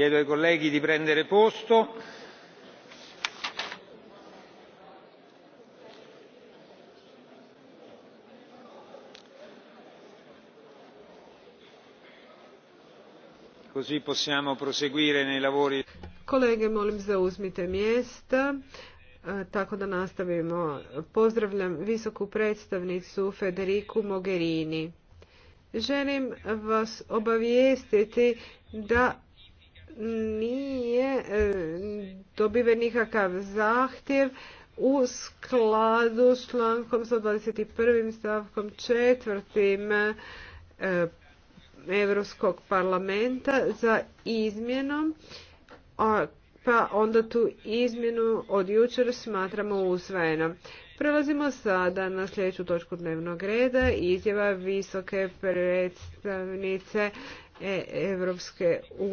chiedo ai colleghi di prendere posto così possiamo proseguire nei lavori. Kolege, molim zauzmite mjesta e, tako da nastavimo. Pozdravljam visoku predstavnicu Federiku Mogherini. Želim vas obavijestiti da nije e, dobiven nikakav zahtjev u skladu s člankom 121. stavkom četvrtim e, Europskog parlamenta za izmjenom, pa onda tu izmjenu od jučer smatramo usvojenom. Prelazimo sada na sljedeću točku dnevnog reda, izjava visoke predstavnice e, Evropske unije.